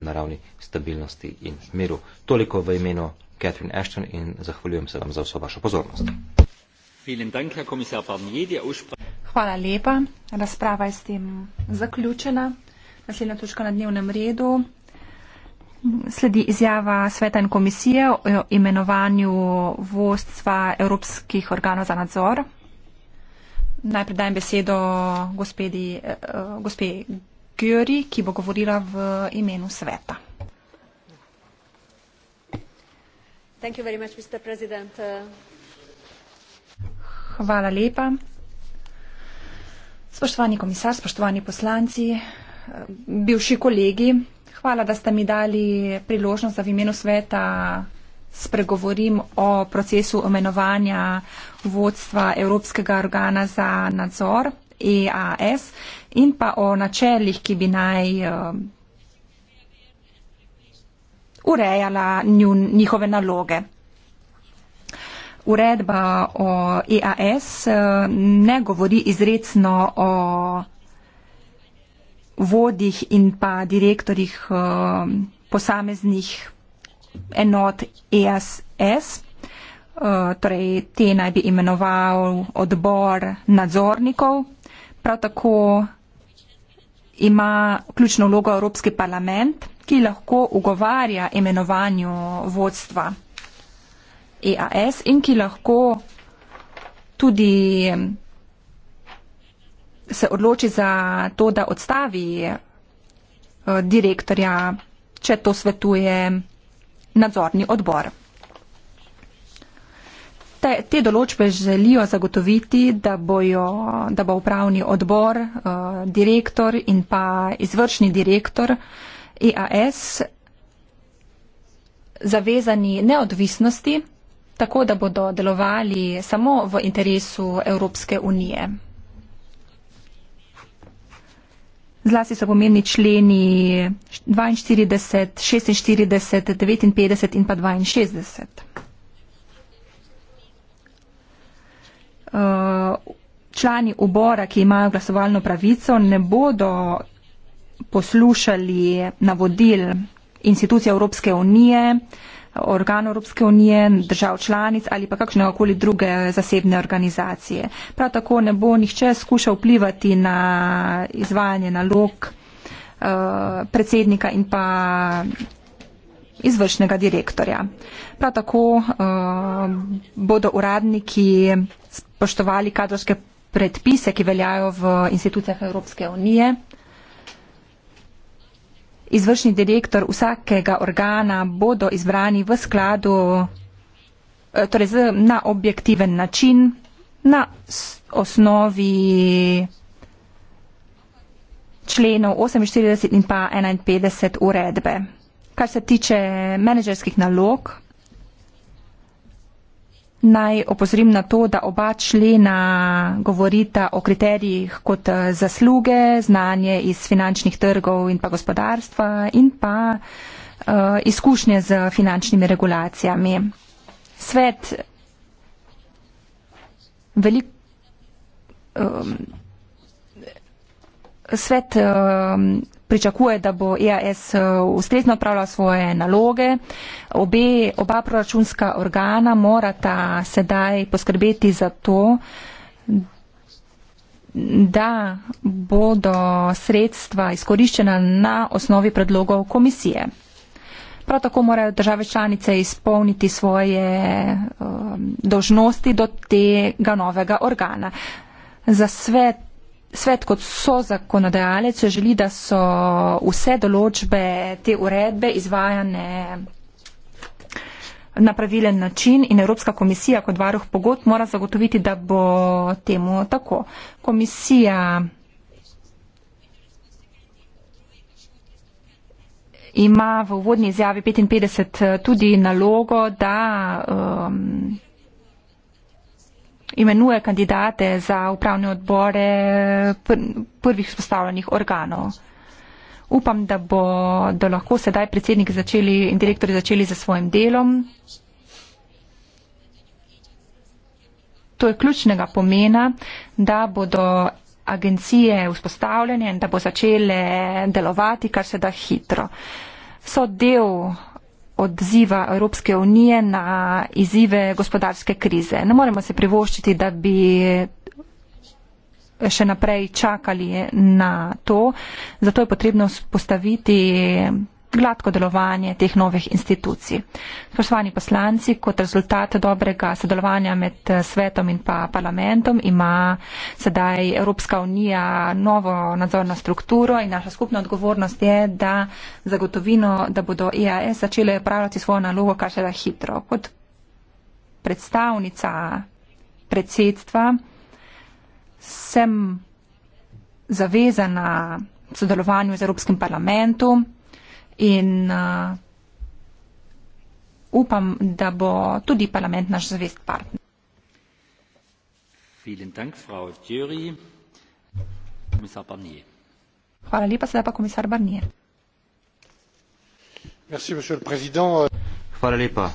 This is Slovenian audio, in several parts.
na ravni stabilnosti in miru. Toliko v imenu Catherine Ashton in zahvaljujem se vam za vso vašo pozornost. Hvala lepa. Razprava je s tem zaključena. Naslednja točka na dnevnem redu. Sledi izjava sveta in komisije o imenovanju vodstva evropskih organov za nadzor. Najprej dajem besedo gospedi, eh, gospe Curie, ki bo govorila v imenu sveta. Thank you very much, Mr. President. Hvala lepa. Spoštovani komisar, spoštovani poslanci, bivši kolegi, hvala, da ste mi dali priložnost, da v imenu sveta spregovorim o procesu omenovanja vodstva Evropskega organa za nadzor EAS, in pa o načelih, ki bi naj eh, urejala njun, njihove naloge. Uredba o EAS eh, ne govori izredno o vodih in pa direktorjih eh, posameznih enot EAS. Torej, te naj bi imenoval odbor nadzornikov, prav tako ima ključno vlogo Evropski parlament, ki lahko ugovarja imenovanju vodstva EAS in ki lahko tudi se odloči za to, da odstavi eh, direktorja, če to svetuje nadzorni odbor te, te določbe želijo zagotoviti, da, bojo, da bo upravni odbor, uh, direktor in pa izvršni direktor EAS zavezani neodvisnosti, tako da bodo delovali samo v interesu Evropske unije. Zlasti so pomembni členi 42, 46, 59 in pa 62. Eh, člani obora, ki imajo glasovalno pravico, ne bodo poslušali navodil institucije Evropske unije, organov Evropske unije, držav članic ali pa kakšnega koli druge zasebne organizacije. Prav tako ne bo nihče skušal vplivati na izvajanje nalog eh, predsednika in pa izvršnega direktorja. Prav tako eh, bodo uradniki spoštovali kadrovske predpise, ki veljajo v institucijah Evropske unije. Izvršni direktor vsakega organa bodo izbrani v skladu, eh, torej na objektiven način, na osnovi členov 48 in pa 51 uredbe. Kar se tiče menedžerskih nalog, Naj opozorim na to, da oba člena govorita o kriterijih kot eh, zasluge, znanje iz finančnih trgov in pa gospodarstva in pa uh, izkušnje z finančnimi regulacijami. Svet veliko. Um, ehm, Svet eh, pričakuje, da bo EAS eh, ustrezno upravljala svoje naloge. Obe, oba proračunska organa morata sedaj poskrbeti za to, da bodo sredstva izkoriščena na osnovi predlogov komisije. Prav tako morajo države članice izpolniti svoje um, eh, dožnosti do tega novega organa. Za svet svet kot so zakonodajalec želi, da so vse določbe te uredbe izvajane na pravilen način in Evropska komisija kot varuh pogod mora zagotoviti, da bo temu tako. Komisija ima v uvodni izjavi 55 tudi nalogo, da um, imenuje kandidate za upravne odbore pr prvih spostavljenih organov. Upam, da bo, da lahko sedaj predsednik začeli in direktori začeli za svojim delom. To je ključnega pomena, da bodo agencije vzpostavljene in da bo začele delovati kar se da hitro. So del odziva Evropske unije na izzive gospodarske krize. Ne moremo se privoščiti, da bi še naprej čakali na to. Zato je potrebno postaviti gladko delovanje teh novih institucij. Spoštovani poslanci, kot rezultat dobrega sodelovanja med eh, svetom in pa parlamentom ima sedaj Evropska unija novo nadzorno strukturo in naša skupna odgovornost je, da zagotovino, da bodo EAS začele upravljati svojo nalogo kar še da hitro. Kot predstavnica predsedstva sem zavezana sodelovanju z Evropskim parlamentom in uh, upam, da bo tudi parlament naš zavest partner. Hvala lepa, sedaj pa komisar Barnier. Hvala lepa,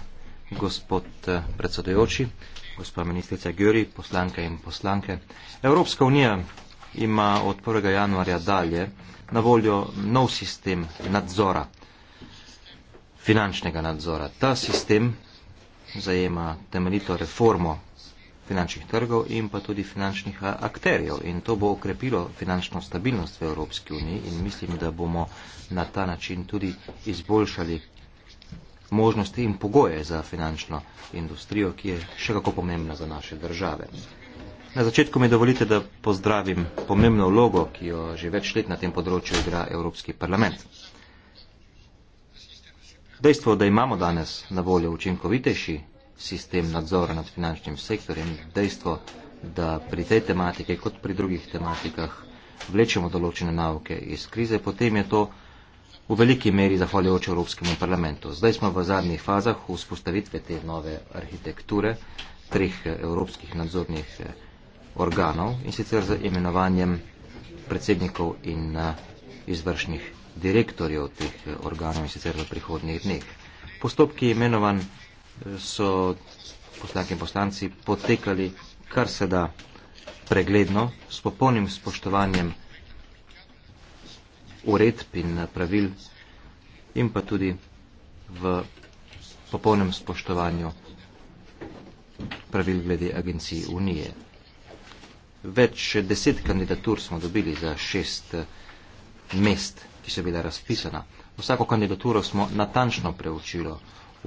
gospod eh, predsedujoči, gospa ministrica Gjuri, poslanke in poslanke. Evropska unija ima od 1. januarja dalje na voljo nov sistem nadzora, finančnega nadzora. Ta sistem zajema temeljito reformo finančnih trgov in pa tudi finančnih akterjev. In to bo okrepilo finančno stabilnost v Evropski uniji in mislim, da bomo na ta način tudi izboljšali možnosti in pogoje za finančno industrijo, ki je še kako pomembna za naše države. Na začetku mi dovolite, da pozdravim pomembno vlogo, ki jo že več let na tem področju igra Evropski parlament. Dejstvo, da imamo danes na voljo učinkovitejši sistem nadzora nad finančnim sektorjem, dejstvo, da pri tej tematike, kot pri drugih tematikah, vlečemo določene nauke iz krize, potem je to v veliki meri zahvaljujoč Evropskemu parlamentu. Zdaj smo v zadnjih fazah vzpostavitve te nove arhitekture, treh evropskih nadzornih eh, organov in sicer z imenovanjem predsednikov in eh, izvršnih direktorjev teh eh, organov in sicer v prihodnjih dneh. Postopki imenovan eh, so poslanke in poslanci potekali kar se da pregledno, s popolnim spoštovanjem uredb in pravil in pa tudi v popolnem spoštovanju pravil glede agencij Unije. Več deset kandidatur smo dobili za šest eh, mest, ki so bila razpisana. Vsako kandidaturo smo natančno preučili.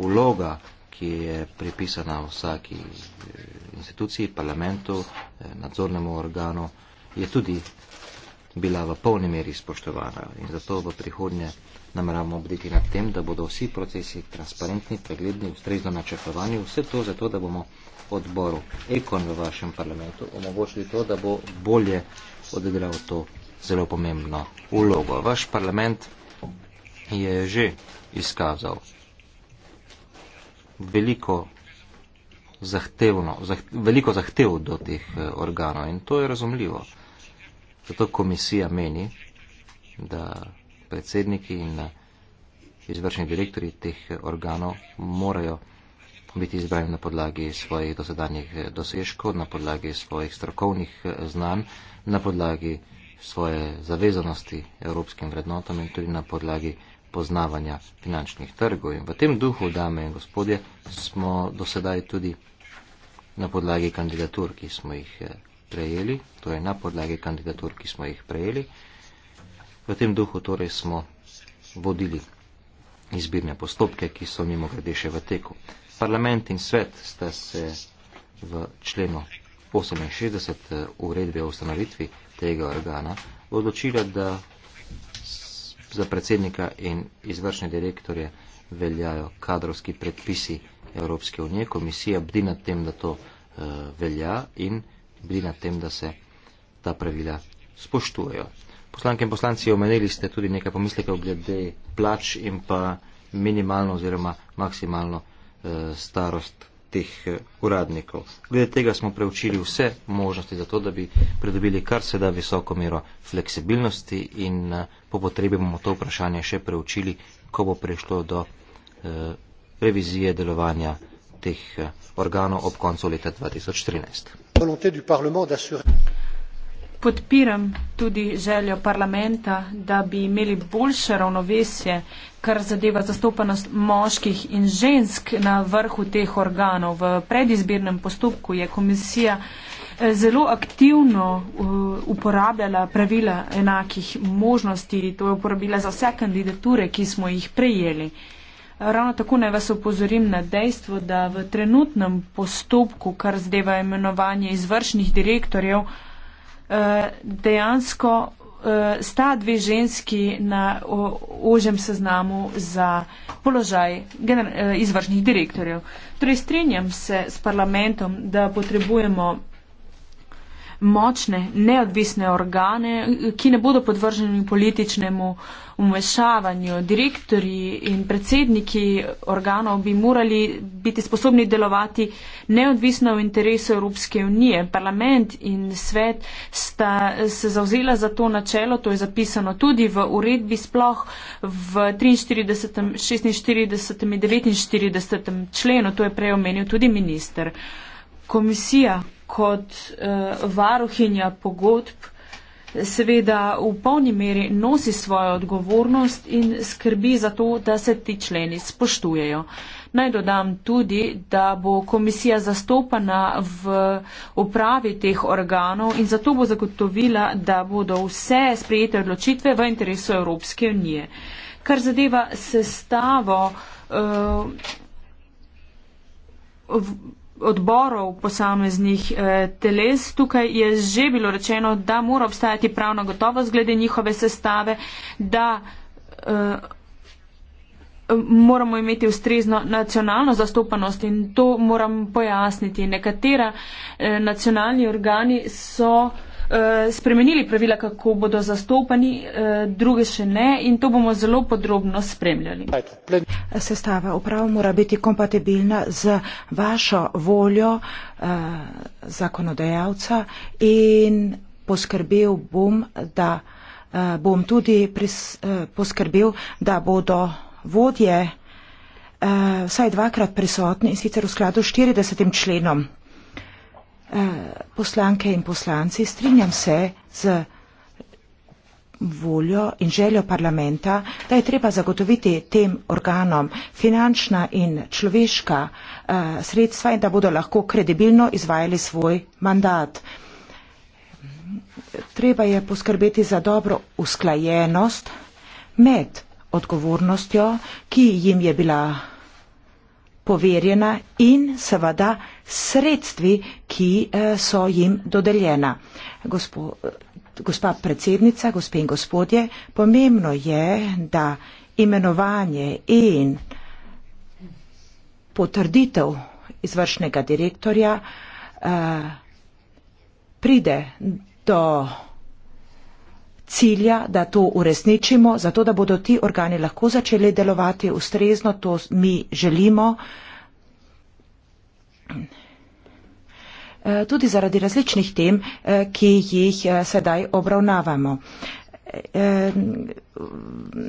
Uloga, ki je pripisana vsaki eh, instituciji, parlamentu, eh, nadzornemu organu, je tudi bila v polni meri spoštovana. In zato v prihodnje nameravamo bditi nad tem, da bodo vsi procesi transparentni, pregledni, ustrezno načrtovani, vse to zato, da bomo odboru Ekon v vašem parlamentu omogočili to, da bo bolje odigral to zelo pomembno vlogo. Vaš parlament je že izkazal veliko, zahtevno, zaht, veliko zahtev do teh eh, organov in to je razumljivo. Zato komisija meni, da predsedniki in eh, izvršni direktori teh eh, organov morajo biti izbrani na podlagi svojih dosedanjih dosežkov, na podlagi svojih strokovnih eh, znanj, na podlagi svoje zavezanosti evropskim vrednotam in tudi na podlagi poznavanja finančnih trgov. In v tem duhu, dame in gospodje, smo dosedaj tudi na podlagi kandidatur, ki smo jih eh, prejeli, torej na podlagi kandidatur, ki smo jih prejeli, v tem duhu torej smo vodili izbirne postopke, ki so mimo grede še v teku. Parlament in svet sta se v členu 68 eh, uredbe o ustanovitvi tega organa odločila, da za predsednika in izvršne direktorje veljajo kadrovski predpisi Evropske unije. Komisija bdi nad tem, da to uh, velja in bdi nad tem, da se ta pravila spoštujejo. Poslanke in poslanci, omenili ste tudi nekaj pomislekov glede plač in pa minimalno oziroma maksimalno Eh, starost teh eh, uradnikov. Glede tega smo preučili vse možnosti za to, da bi pridobili kar se da visoko mero fleksibilnosti in eh, po potrebi bomo to vprašanje še preučili, ko bo prišlo do revizije delovanja teh organov ob koncu leta 2013. Podpiram tudi željo parlamenta, da bi imeli boljše ravnovesje kar zadeva zastopanost moških in žensk na vrhu teh organov. V predizbirnem postopku je komisija eh, zelo aktivno eh, uporabljala pravila enakih možnosti, to je uporabila za vse kandidature, ki smo jih prejeli. Ravno tako naj vas opozorim na dejstvo, da v trenutnem postopku, kar zdeva imenovanje izvršnih direktorjev, eh, dejansko uh, sta dve ženski na ožem seznamu za položaj eh, izvršnih direktorjev. Torej, strinjam se s parlamentom, da potrebujemo močne, neodvisne organe, ki ne bodo podvrženi političnemu umešavanju. Direktori in predsedniki organov bi morali biti sposobni delovati neodvisno v interesu Evropske unije. Parlament in svet sta se zauzela za to načelo, to je zapisano tudi v uredbi sploh v 43, 46 in 49 členu, to je prej omenil tudi minister. Komisija, kot uh, varuhinja pogodb seveda v polni meri nosi svojo odgovornost in skrbi za to, da se ti členi spoštujejo. Naj dodam tudi, da bo komisija zastopana v upravi teh organov in zato bo zagotovila, da bodo vse sprejete odločitve v interesu Evropske unije. Kar zadeva sestavo. Uh, odborov posameznih eh, teles. Tukaj je že bilo rečeno, da mora obstajati pravna gotovost glede njihove sestave, da eh, moramo imeti ustrezno nacionalno zastopanost in to moram pojasniti. Nekatera eh, nacionalni organi so eh, Eh, spremenili pravila, kako bodo zastopani, eh, druge še ne in to bomo zelo podrobno spremljali. Sestava uprava mora biti kompatibilna z vašo voljo eh, zakonodajalca in poskrbel bom, da bom tudi poskrbel, da bodo vodje vsaj dvakrat prisotni in sicer v skladu s 40 členom poslanke in poslanci, strinjam se z voljo in željo parlamenta, da je treba zagotoviti tem organom finančna in človeška eh, sredstva in da bodo lahko kredibilno izvajali svoj mandat. Treba je poskrbeti za dobro usklajenost med odgovornostjo, ki jim je bila poverjena in seveda sredstvi, ki eh, so jim dodeljena. Gospo, gospa predsednica, gospe in gospodje, pomembno je, da imenovanje in potrditev izvršnega direktorja uh, pride do cilja, da to uresničimo, zato da bodo ti organi lahko začeli delovati ustrezno, to mi želimo. Eh, tudi zaradi različnih tem, eh, ki jih eh, sedaj obravnavamo.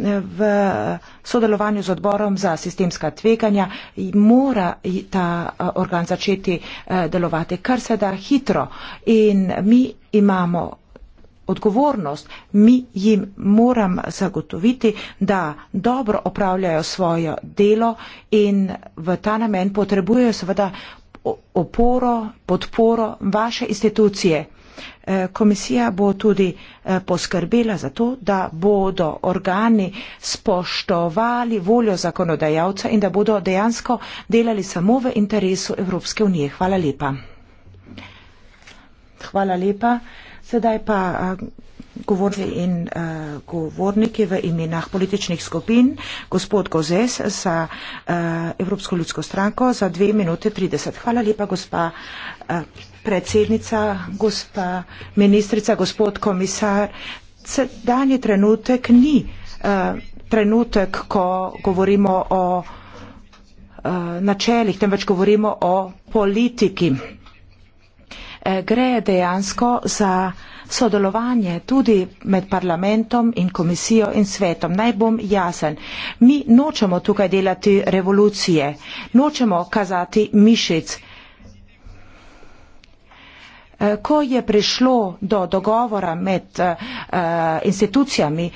V sodelovanju z odborom za sistemska tveganja mora ta organ začeti delovati kar se da hitro in mi imamo odgovornost. Mi jim moram zagotoviti, da dobro opravljajo svojo delo in v ta namen potrebujejo seveda oporo, podporo vaše institucije. Eh, komisija bo tudi eh, poskrbela za to, da bodo organi spoštovali voljo zakonodajalca in da bodo dejansko delali samo v interesu Evropske unije. Hvala lepa. Hvala lepa. Sedaj pa eh, govorci in uh, govorniki v imenah političnih skupin, gospod Gozes za uh, Evropsko ljudsko stranko za 2 minute 30. Hvala lepa, gospa uh, predsednica, gospa ministrica, gospod komisar. Danji trenutek ni uh, trenutek, ko govorimo o uh, načelih, temveč govorimo o politiki. Eh, gre dejansko za sodelovanje tudi med parlamentom in komisijo in svetom. Naj bom jasen. Mi nočemo tukaj delati revolucije, nočemo kazati mišic. Eh, ko je prišlo do dogovora med eh, institucijami,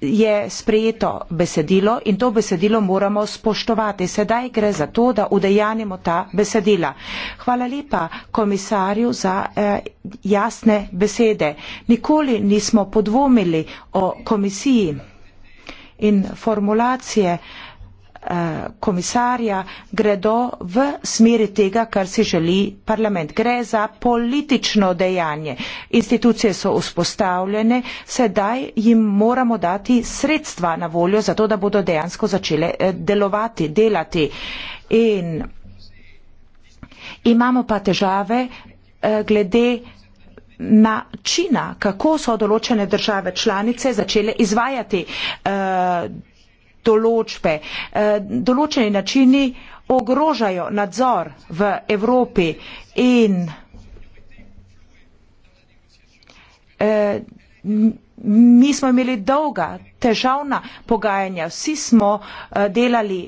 je sprejeto besedilo in to besedilo moramo spoštovati. Sedaj gre za to, da udejanimo ta besedila. Hvala lepa komisarju za eh, jasne besede. Nikoli nismo podvomili o komisiji in formulacije eh, Eh, komisarja gredo v smeri tega, kar si želi parlament. Gre za politično dejanje. Institucije so vzpostavljene, sedaj jim moramo dati sredstva na voljo, zato da bodo dejansko začele eh, delovati, delati. In imamo pa težave eh, glede načina, kako so določene države članice začele izvajati uh, določbe. Eh, določeni načini ogrožajo nadzor v Evropi in eh, mi smo imeli dolga težavna pogajanja. Vsi smo eh, delali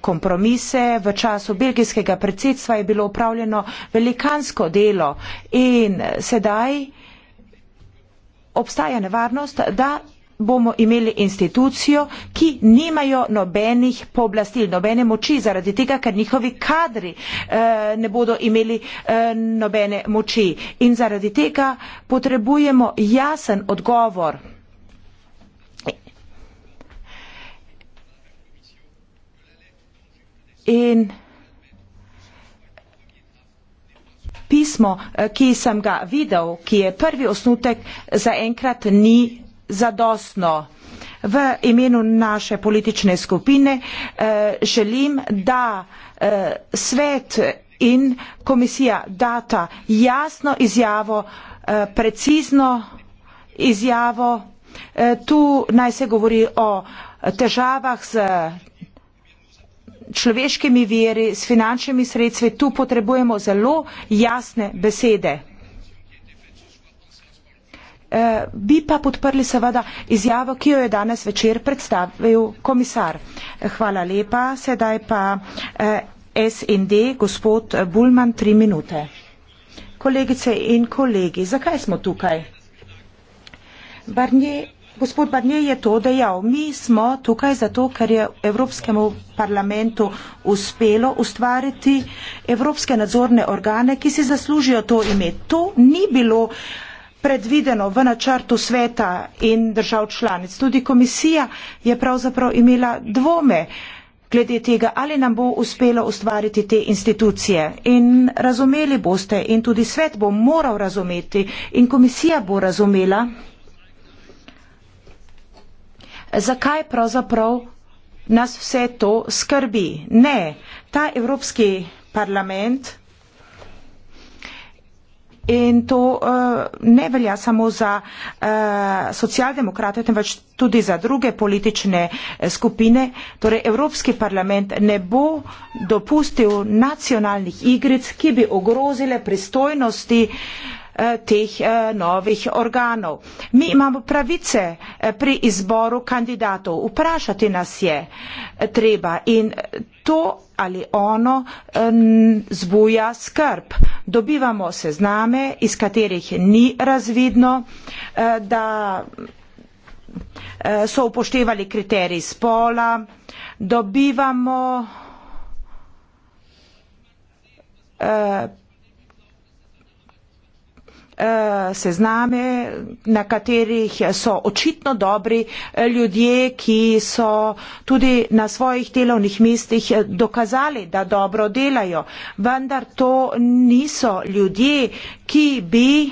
kompromise. V času belgijskega predsedstva je bilo upravljeno velikansko delo in sedaj obstaja nevarnost, da bomo imeli institucijo, ki nimajo nobenih pooblastil, nobene moči, zaradi tega, ker njihovi kadri eh, ne bodo imeli eh, nobene moči. In zaradi tega potrebujemo jasen odgovor. In pismo, eh, ki sem ga videl, ki je prvi osnutek, zaenkrat ni zadostno. V imenu naše politične skupine eh, želim, da eh, svet in komisija data jasno izjavo, eh, precizno izjavo. Eh, tu naj se govori o težavah z človeškimi veri, s finančnimi sredstvi. Tu potrebujemo zelo jasne besede. Eh, bi pa podprli seveda izjavo, ki jo je danes večer predstavil komisar. Eh, hvala lepa, sedaj pa eh, SND, gospod Bulman, tri minute. Kolegice in kolegi, zakaj smo tukaj? Barnje, gospod Barnje je to dejal. Mi smo tukaj zato, ker je Evropskemu parlamentu uspelo ustvariti evropske nadzorne organe, ki si zaslužijo to ime. To ni bilo. Uh, predvideno v načrtu sveta in držav članic. Tudi komisija je pravzaprav imela dvome glede tega, ali nam bo uspelo ustvariti te institucije. In razumeli boste in tudi svet bo moral razumeti in komisija bo razumela, zakaj pravzaprav nas vse to skrbi. Ne, ta Evropski parlament in to uh, ne velja samo za uh, socialdemokrate, temveč tudi za druge politične eh, skupine. Torej, Evropski parlament ne bo dopustil nacionalnih igric, ki bi ogrozile pristojnosti uh, Eh, teh eh, novih organov. Mi imamo pravice eh, pri izboru kandidatov, vprašati nas je treba in to ali ono zbuja skrb. Dobivamo sezname, iz katerih ni razvidno, da so upoštevali kriteriji spola, dobivamo Eh, sezname, na katerih so očitno dobri eh, ljudje, ki so tudi na svojih delovnih mestih eh, dokazali, da dobro delajo. Vendar to niso ljudje, ki bi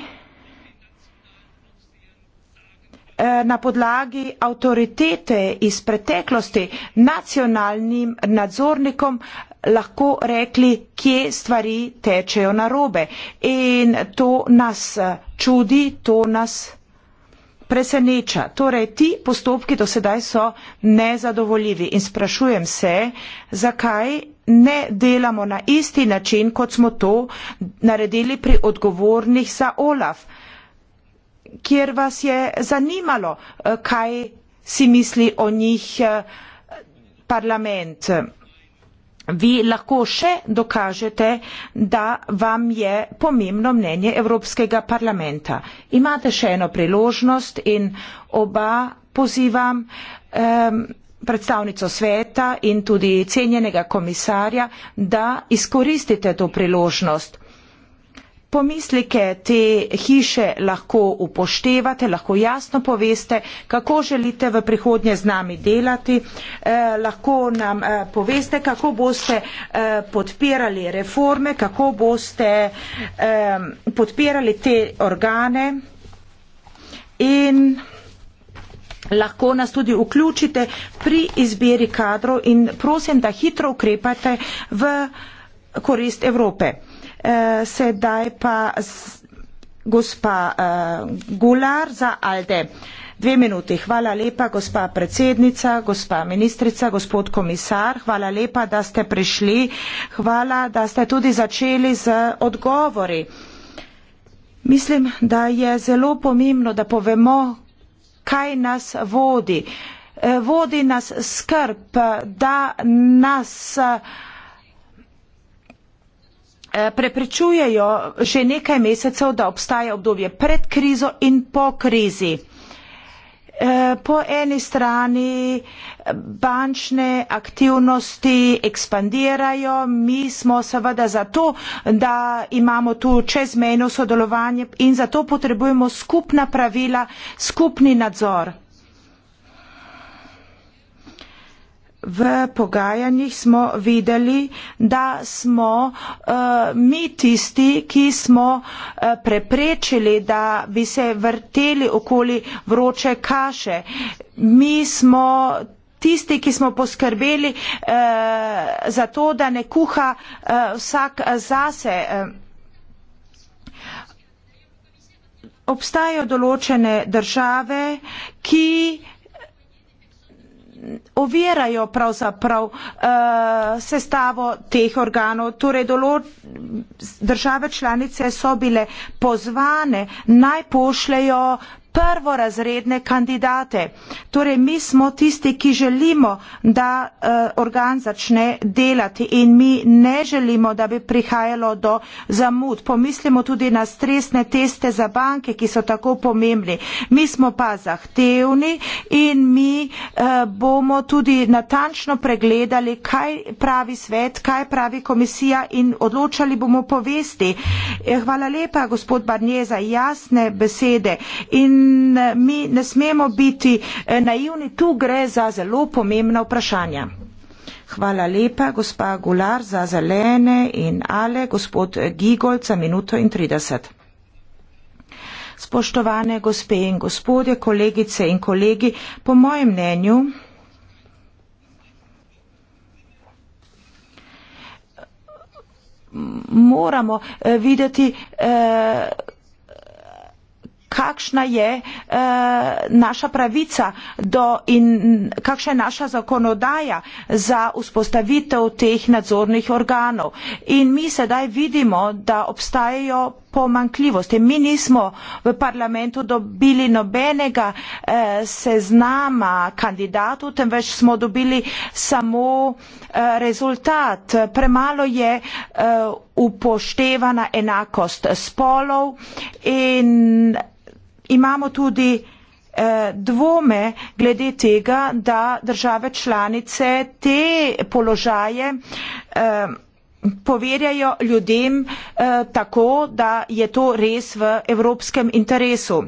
na podlagi avtoritete iz preteklosti nacionalnim nadzornikom lahko rekli, kje stvari tečejo narobe. In to nas čudi, to nas preseneča. Torej, ti postopki do sedaj so nezadovoljivi in sprašujem se, zakaj ne delamo na isti način, kot smo to naredili pri odgovornih za OLAF, kjer vas je zanimalo, eh, kaj si misli o njih eh, parlament vi lahko še dokažete, da vam je pomembno mnenje Evropskega parlamenta. Imate še eno priložnost in oba pozivam um, predstavnico sveta in tudi cenjenega komisarja, da izkoristite to priložnost pomislike te hiše lahko upoštevate, lahko jasno poveste, kako želite v prihodnje z nami delati, eh, lahko nam eh, poveste, kako boste eh, podpirali reforme, kako boste eh, podpirali te organe in lahko nas tudi vključite pri izbiri kadrov in prosim, da hitro ukrepate v korist Evrope. Eh, sedaj pa gospa uh, Gular za Alde. Dve minuti. Hvala lepa, gospa predsednica, gospa ministrica, gospod komisar. Hvala lepa, da ste prišli. Hvala, da ste tudi začeli z odgovori. Mislim, da je zelo pomembno, da povemo, kaj nas vodi. Eh, vodi nas skrb, da nas. Uh, Eh, preprečujejo že nekaj mesecev, da obstaja obdobje pred krizo in po krizi. Eh, po eni strani eh, bančne aktivnosti ekspandirajo, mi smo seveda zato, da imamo tu čezmejno sodelovanje in zato potrebujemo skupna pravila, skupni nadzor. v pogajanjih smo videli, da smo uh, mi tisti, ki smo uh, preprečili, da bi se vrteli okoli vroče kaše. Mi smo tisti, ki smo poskrbeli uh, za to, da ne kuha uh, vsak zase. Obstajajo določene države, ki uh, ovirajo pravzaprav uh, sestavo teh organov. Torej, dolor, države članice so bile pozvane naj pošljajo prvorazredne kandidate. Torej, mi smo tisti, ki želimo, da uh, organ začne delati in mi ne želimo, da bi prihajalo do zamud. Pomislimo tudi na stresne teste za banke, ki so tako pomembni. Mi smo pa zahtevni in mi uh, bomo tudi natančno pregledali, kaj pravi svet, kaj pravi komisija in odločali bomo povesti. Eh, hvala lepa, gospod Barnje, za jasne besede. In mi ne smemo biti eh, naivni, tu gre za zelo pomembna vprašanja. Hvala lepa, gospa Gular za zelene in ale, gospod Gigolc za minuto in 30. Spoštovane gospe in gospodje, kolegice in kolegi, po mojem mnenju moramo eh, videti, eh, kakšna je e, naša pravica in kakšna je naša zakonodaja za vzpostavitev teh nadzornih organov. In mi sedaj vidimo, da obstajajo pomankljivosti. Mi nismo v parlamentu dobili nobenega e, seznama kandidatov, temveč smo dobili samo e, rezultat. Premalo je e, upoštevana enakost spolov in imamo tudi eh, dvome glede tega, da države članice te položaje eh, poverjajo ljudem eh, tako, da je to res v evropskem interesu.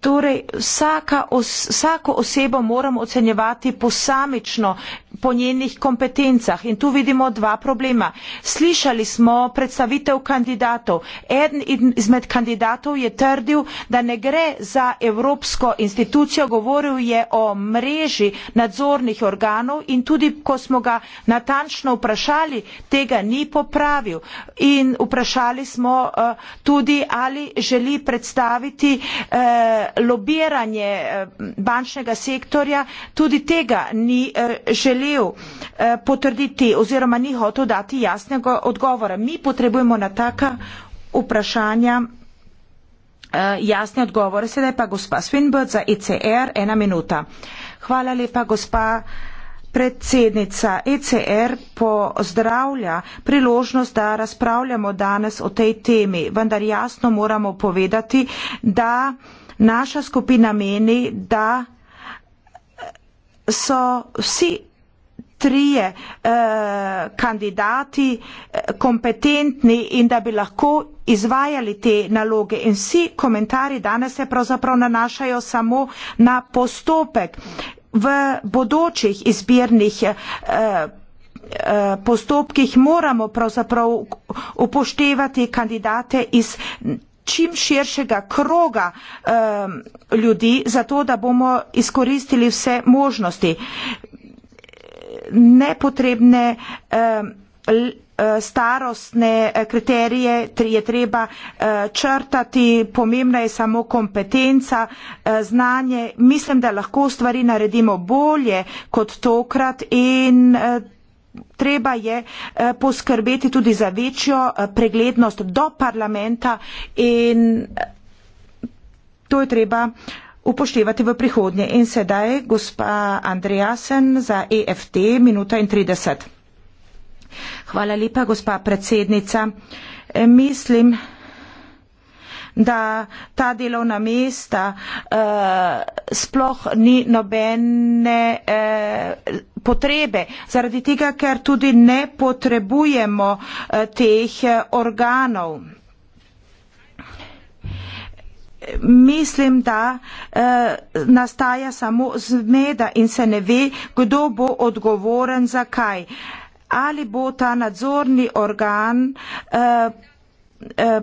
Torej, vsaka os, vsako osebo moramo ocenjevati posamično po njenih kompetencah. In tu vidimo dva problema. Slišali smo predstavitev kandidatov. Eden izmed kandidatov je trdil, da ne gre za evropsko institucijo, govoril je o mreži nadzornih organov in tudi, ko smo ga natančno vprašali, tega ni popravil. In vprašali smo uh, tudi, ali želi predstaviti uh, lobiranje uh, bančnega sektorja, tudi tega ni uh, želel želel eh, potrditi oziroma ni hotel dati jasnega odgovora. Mi potrebujemo na taka vprašanja eh, jasne odgovore. Sedaj pa gospa Svinbrd za ECR, ena minuta. Hvala lepa, gospa. Predsednica ECR pozdravlja priložnost, da razpravljamo danes o tej temi, vendar jasno moramo povedati, da naša skupina meni, da so vsi trije eh, kandidati eh, kompetentni in da bi lahko izvajali te naloge. In vsi komentarji danes se pravzaprav nanašajo samo na postopek v bodočih izbirnih. Eh, eh postopkih moramo pravzaprav upoštevati kandidate iz čim širšega kroga eh, ljudi, zato da bomo izkoristili vse možnosti nepotrebne eh, starostne eh, kriterije je treba eh, črtati, pomembna je samo kompetenca, znanje. Mislim, da lahko stvari naredimo bolje kot tokrat in treba je poskrbeti tudi za večjo preglednost do parlamenta in to je treba upoštevati v prihodnje. In sedaj, gospa Andrejasen za EFT, minuta in 30. Hvala lepa, gospa predsednica. E, mislim, da ta delovna mesta e, sploh ni nobene e, potrebe, zaradi tega, ker tudi ne potrebujemo e, teh e, organov mislim, da eh, nastaja samo zmeda in se ne ve, kdo bo odgovoren za kaj. Ali bo ta nadzorni organ eh, eh,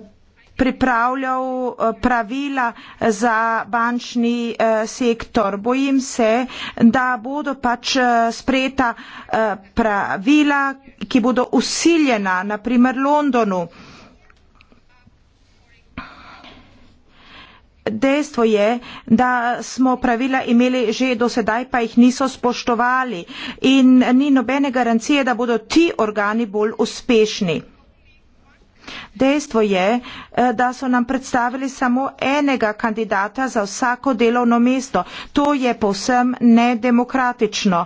pripravljal eh, pravila za bančni eh, sektor. Bojim se, da bodo pač eh, sprejeta pravila, ki bodo usiljena, naprimer Londonu. Eh, Dejstvo je, da smo pravila imeli že dosedaj, pa jih niso spoštovali in ni nobene garancije, da bodo ti organi bolj uspešni. Dejstvo je, eh, da so nam predstavili samo enega kandidata za vsako delovno mesto. To je povsem nedemokratično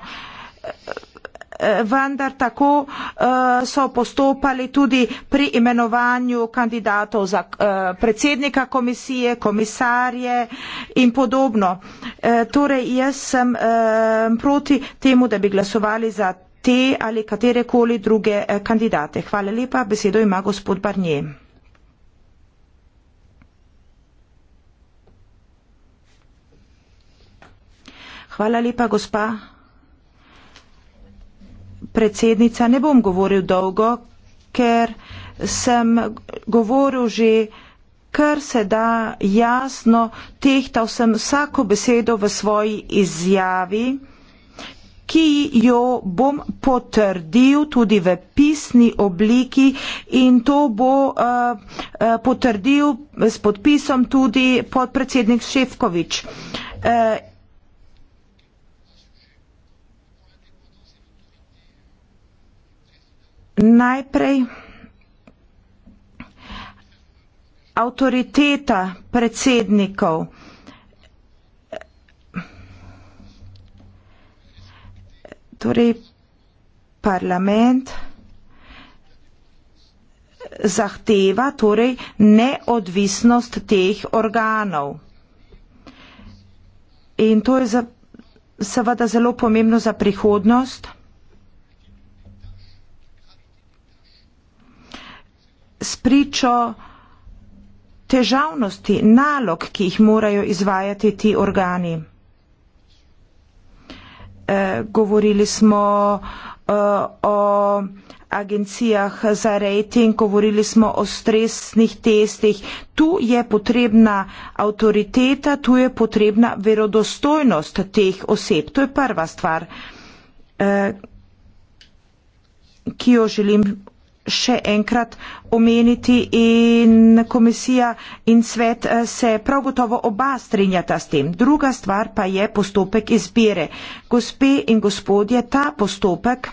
vendar tako eh, so postopali tudi pri imenovanju kandidatov za eh, predsednika komisije, komisarje in podobno. Eh, torej jaz sem proti temu, da bi glasovali za te ali katerekoli druge kandidate. Hvala lepa, besedo ima gospod Barnje. Hvala lepa, gospa predsednica, ne bom govoril dolgo, ker sem govoril že kar se da jasno, tehtal sem vsako besedo v svoji izjavi, ki jo bom potrdil tudi v pisni obliki in to bo uh, uh, potrdil s podpisom tudi podpredsednik Šefkovič. Uh, najprej avtoriteta predsednikov torej parlament zahteva torej neodvisnost teh organov. In to je za, seveda zelo pomembno za prihodnost. spričo težavnosti nalog, ki jih morajo izvajati ti organi. E, govorili smo e, o agencijah za rejting, govorili smo o stresnih testih. Tu je potrebna avtoriteta, tu je potrebna verodostojnost teh oseb. To je prva stvar, eh, ki jo želim še enkrat omeniti in komisija in svet eh, se prav gotovo oba strinjata s tem. Druga stvar pa je postopek izbire. Gospe in gospodje, ta postopek.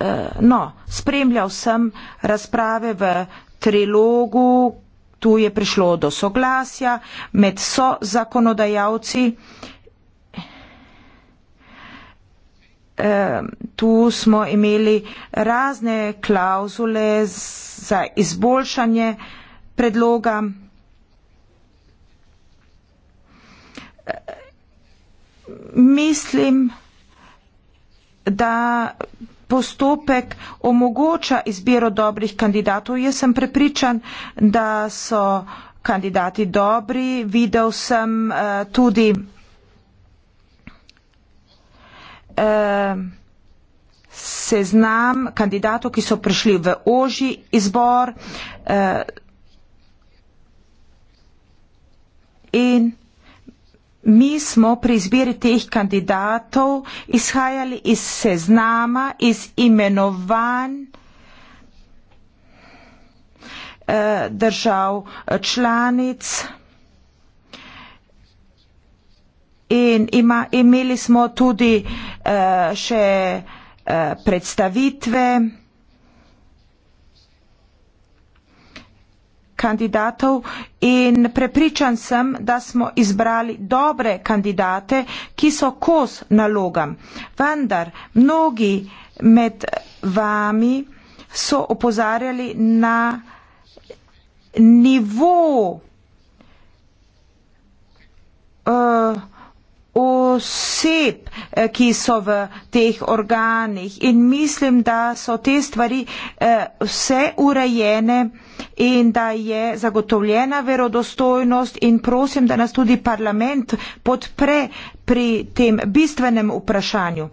Eh, no, spremljal sem razprave v trilogu, tu je prišlo do soglasja med so zakonodajalci. tu smo imeli razne klauzule za izboljšanje predloga. Mislim, da postopek omogoča izbiro dobrih kandidatov. Jaz sem prepričan, da so kandidati dobri. Videl sem uh, tudi eh, seznam kandidatov, ki so prišli v oži izbor eh, in Mi smo pri izbiri teh kandidatov izhajali iz seznama, iz imenovanj eh, držav eh, članic. in ima, imeli smo tudi uh, še uh, predstavitve kandidatov in prepričan sem, da smo izbrali dobre kandidate, ki so kos nalogam. Vendar mnogi med vami so opozarjali na nivo uh, oseb, eh, ki so v teh organih in mislim, da so te stvari eh, vse urejene in da je zagotovljena verodostojnost in prosim, da nas tudi parlament podpre pri tem bistvenem vprašanju.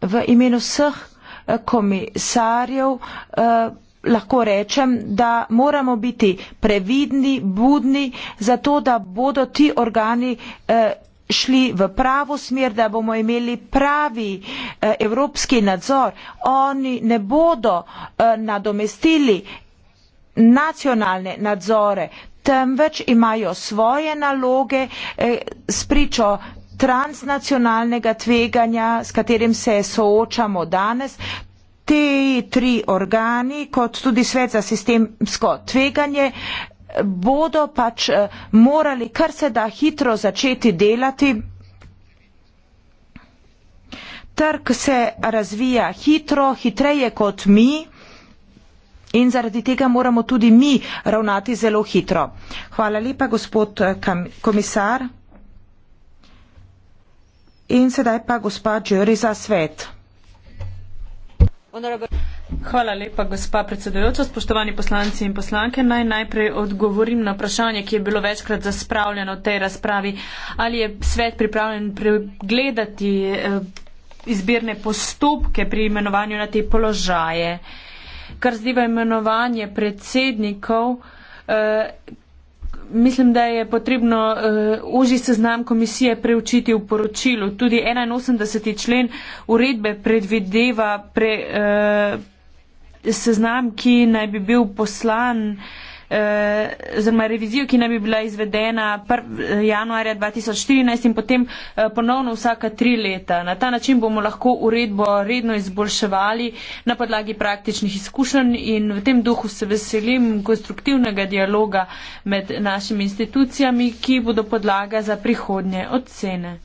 V imenu vseh komisarjev, eh, lahko rečem, da moramo biti previdni, budni, zato da bodo ti organi eh, šli v pravo smer, da bomo imeli pravi eh, evropski nadzor. Oni ne bodo nadomestili nacionalne nadzore, temveč imajo svoje naloge, spričo transnacionalnega tveganja, s katerim se soočamo danes. Te tri organi, kot tudi svet za sistemsko tveganje, bodo pač eh, morali kar se da hitro začeti delati. Trg se razvija hitro, hitreje kot mi in zaradi tega moramo tudi mi ravnati zelo hitro. Hvala lepa, gospod eh, komisar. In sedaj pa gospa Džuri za svet. Hvala lepa, gospa predsedujoča. Spoštovani poslanci in poslanke, naj najprej odgovorim na vprašanje, ki je bilo večkrat zaspravljeno v tej razpravi. Ali je svet pripravljen pregledati eh, izbirne postopke pri imenovanju na te položaje? Kar zdiva imenovanje predsednikov, eh, mislim, da je potrebno uh, eh, oži seznam komisije preučiti v poročilu. Tudi 81. člen uredbe predvideva pre, uh, seznam, ki naj bi bil poslan uh, Eh, oziroma revizijo, ki naj bi bila izvedena januarja 2014 in potem eh, ponovno vsaka tri leta. Na ta način bomo lahko uredbo redno izboljševali na podlagi praktičnih izkušenj in v tem duhu se veselim konstruktivnega dialoga med našimi institucijami, ki bodo podlaga za prihodnje ocene.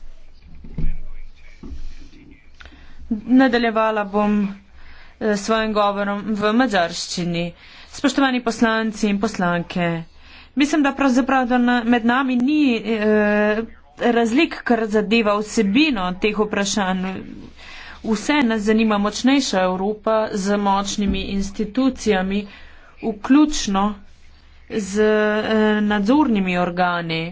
Nadaljevala bom eh, s svojim govorom v mađarščini. Uh, Spoštovani poslanci in poslanke, mislim, da pravzaprav med nami ni eh, razlik, kar zadeva vsebino teh vprašanj. Vse nas zanima močnejša Evropa z močnimi institucijami, vključno z eh, nadzornimi organi.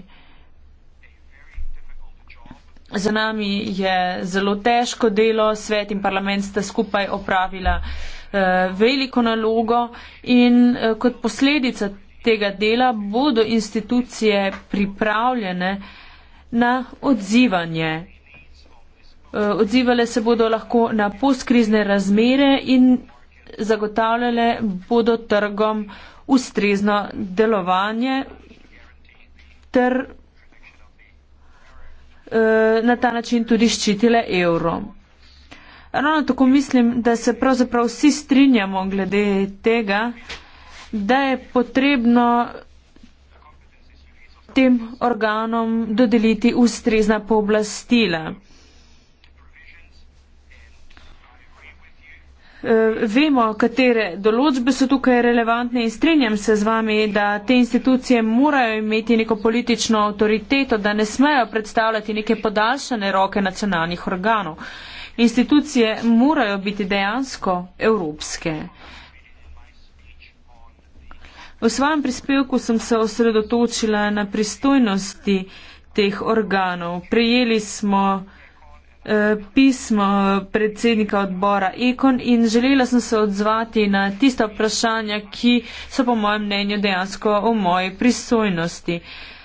Za nami je zelo težko delo, svet in parlament sta skupaj opravila eh, Eh, veliko nalogo in eh, kot posledica tega dela bodo institucije pripravljene na odzivanje. Eh, odzivale se bodo lahko na postkrizne razmere in zagotavljale bodo trgom ustrezno delovanje ter na ta način tudi ščitile evro. Ravno tako mislim, da se pravzaprav vsi strinjamo glede tega, da je potrebno tem organom dodeliti ustrezna pooblastila. E, vemo, katere določbe so tukaj relevantne in strinjam se z vami, da te institucije morajo imeti neko politično avtoriteto, da ne smejo predstavljati neke podaljšane roke nacionalnih organov institucije morajo biti dejansko evropske. V svojem prispevku sem se osredotočila na pristojnosti teh organov. Prejeli smo eh, pismo predsednika odbora Ekon in želela sem se odzvati na tista vprašanja, ki so po mojem mnenju dejansko v moji pristojnosti.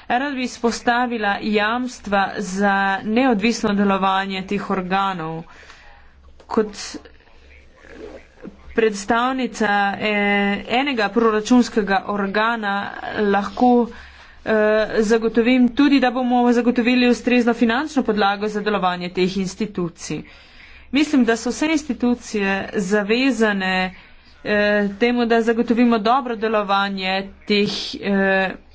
Rad bi spostavila jamstva za neodvisno delovanje teh organov. Kot predstavnica eh, enega proračunskega organa lahko eh, zagotovim tudi, da bomo zagotovili ustrezno finančno podlago za delovanje teh institucij. Mislim, da so vse institucije zavezane eh, temu, da zagotovimo dobro delovanje teh institucij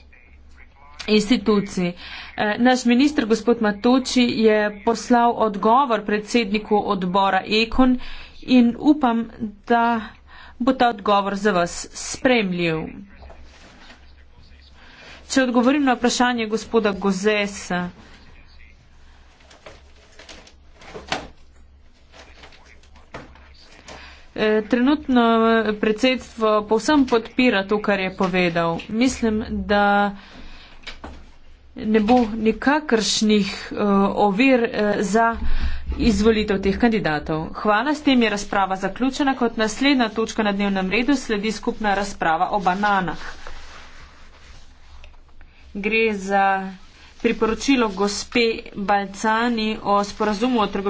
instituciji. Eh, naš ministr, gospod Matoči, je poslal odgovor predsedniku odbora Ekon in upam, da bo ta odgovor za vas spremljiv. Če odgovorim na vprašanje gospoda Gozesa. Eh, trenutno predsedstvo povsem podpira to, kar je povedal. Mislim, da ne bo nikakršnih uh, ovir uh, za izvolitev teh kandidatov. Hvala, s tem je razprava zaključena. Kot naslednja točka na dnevnem redu sledi skupna razprava o bananah. Gre za priporočilo gospe Balcani o sporazumu o trgovini.